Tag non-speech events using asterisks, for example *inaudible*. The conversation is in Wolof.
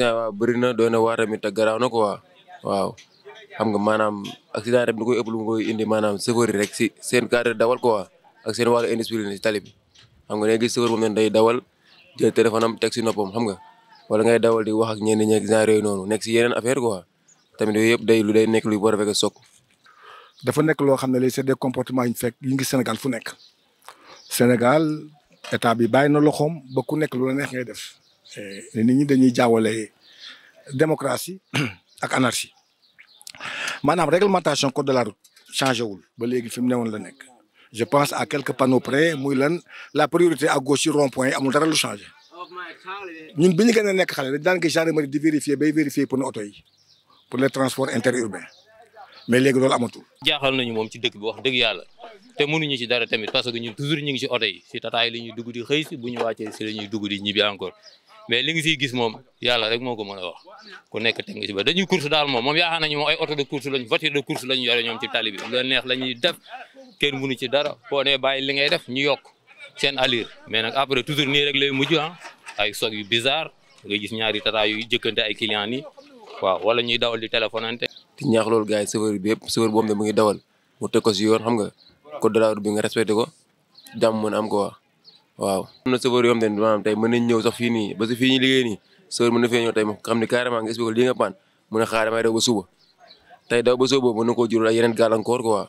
waaw bëri na doon na waar tamit te garaaw na waaw xam nga maanaam accident rek du koy ëpp lu koy indi maanaam chauffeur yi rek si seen cadre dawal quoi ak seen wàllu indiscipline si tali bi xam nga léegi chauffeur moom day dawal jël téléphone teg si noppam xam nga wala ngay dawal di wax ak ñenn ñi ak genre yooyu noonu nekk si yeneen affaire quoi tamit yooyu yëpp day lu day nekk lu war a fekk sok dafa nekk loo xam ne c'est des comportements yu ñu fekk yu ngi Sénégal fu nekk Sénégal état bi bàyyi na loxoom ba ku nekk lu la neex def. Eh, nit ñi dañuy jaawale démocratie *clears throat* ak anarchie maanaam réglementation code de la route changé wul ba léegi fi mu newoon la nekk je pense à quelques panneaux près muy lan la priorité à gauche sur rond-point yi amul dara lu changé ñun bi ñu gën a nekk xale dañ daan gis gendarmerie di vérifier bay vérifier pour oto yi pour les transports interurbains mais léegi loolu amatul. jaaxal nañu moom ci dëkk bi wax dëgg yàlla te mënuñu ci dara tamit parce que toujours ñu ngi ci oto bu ñu wàccee si la ñuy dugg di ñibbi encore mais li nga siy gis moom yàlla rek moo ko mën a wax ku nekk teg nga si ba dañuy course daal moom moom yaakaar nañu moom ay auto de course lañ voiture de course lañ yore ñoom ci tali bi neex la def kenn mënu ci dara boo nee bàyyi li ngay def ñu yokk seen allure mais nag après toujours nii rek lay mujj ah ay soog yu bizarre nga gis ñaari tata yu jëkkante ay clients nii waaw wala ñuy dawal di téléphonante. di ñaax loolu gars yi chauffeur bi yëpp chauffeur boobu ne mu ngi dawal mu teg ko si yoon xam nga code de la route bi jàmm mën am ko waa waaw am na chauffeur yoo xam te ne maanaam tey mën nañ ñëw sax fii nii ba si fii ñu liggéey nii chauffeur mën na fee ñëw tey xam ne carrément nga expliqué lii nga paan mu ne xaar damay daw ba suba tey daw ba suba boobu mën na koo jural